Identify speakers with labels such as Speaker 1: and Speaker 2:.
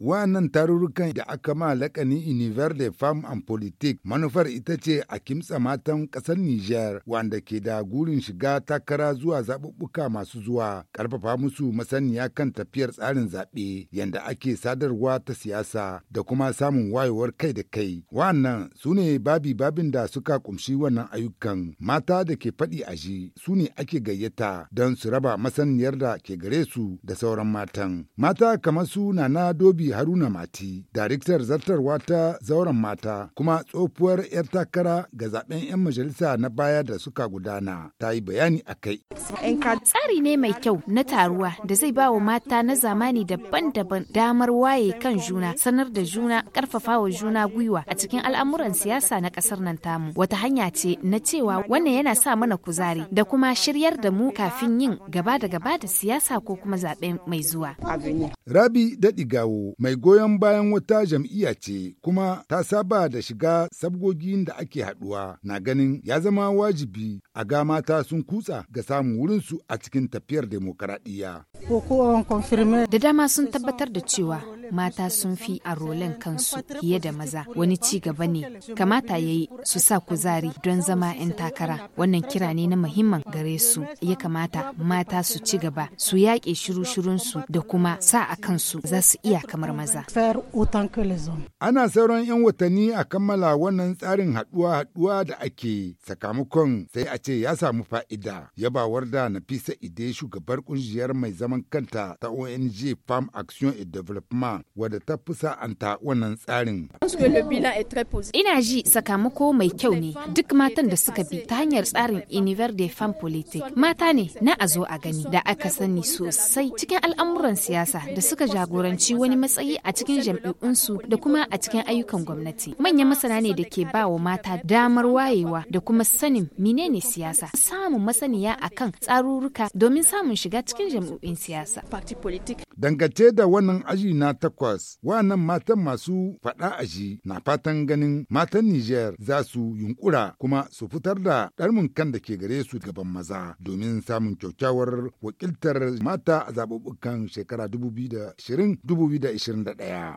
Speaker 1: Wannan tarurrukan da aka ma lakani Univer de Femme en Politique manufar ita ce a kimtsa matan ƙasar Niger. wanda ke da gurin shiga takara zuwa zaɓuɓɓuka masu zuwa, ƙarfafa musu masaniya kan tafiyar tsarin zaɓe yadda ake sadarwa ta siyasa da kuma samun wayewar kai da kai. Wannan su ne babi babin da suka kumshi wannan ayyukan mata da ke faɗi a shi su ne ake gayyata don su raba masaniyar da ke gare su da sauran matan. Mata kamar su na na dobi Rabi Haruna Mati, daraktar zartarwa ta zauren mata kuma tsofuwar 'yar takara ga zaben 'yan majalisa na baya da suka gudana ta yi bayani a kai.
Speaker 2: Tsari ne mai kyau na taruwa da zai ba wa mata na zamani daban-daban damar waye kan juna, sanar da juna, karfafa wa juna gwiwa a cikin al'amuran siyasa na kasar nan tamu. Wata hanya ce na cewa wannan yana sa mana kuzari da kuma shiryar da mu kafin yin gaba da gaba da siyasa ko kuma zaɓe mai zuwa.
Speaker 1: Rabi Daɗigawo mai goyon bayan wata jam'iyya ce kuma ta saba da shiga sabgogin da ake haɗuwa na ganin ya zama wajibi a ga mata sun kutsa ga samun wurinsu a cikin tafiyar demokaradiyya.
Speaker 2: Da dama sun tabbatar da cewa mata sun fi a rolen kansu fiye da maza wani ci gaba ne kamata ya yi su sa kuzari don zama 'yan takara wannan kira ne na muhimman gare su ya kamata mata su ci gaba su yaƙe shiru-shirunsu da kuma sa a kansu za su iya kamar maza.
Speaker 1: Ana sauran 'yan watanni a kammala wannan tsarin haɗuwa-haɗuwa da ake sakamakon sai a ce ya samu fa'ida yabawar da Nafisa Ide shugabar ƙungiyar mai zaman kanta ta ONG Farm Action and Development wadda ta fi sa'anta wannan tsarin.
Speaker 2: Ina ji sakamako mai kyau ne duk matan da suka bi ta hanyar tsarin Univer de fan Politique. Mata ne na a zo a gani da aka sani sosai cikin al'amuran siyasa da suka jagoranci wani matsayi a cikin jam'i'unsu da kuma a cikin ayyukan gwamnati. Manyan masana ne da ke ba wa mata damar wayewa da kuma sanin menene siyasa. Samun masaniya akan tsarurruka domin samun shiga cikin jam'i'un siyasa.
Speaker 1: Dangace da wannan aji na takwas, wannan matan masu faɗa aji na fatan ganin matan niger za su yunkura kuma su fitar da ɗarmin kan da ke gare su gaban maza domin samun kyaukyawar wakiltar mata a zaɓuɓɓukan shekara 2020-2021.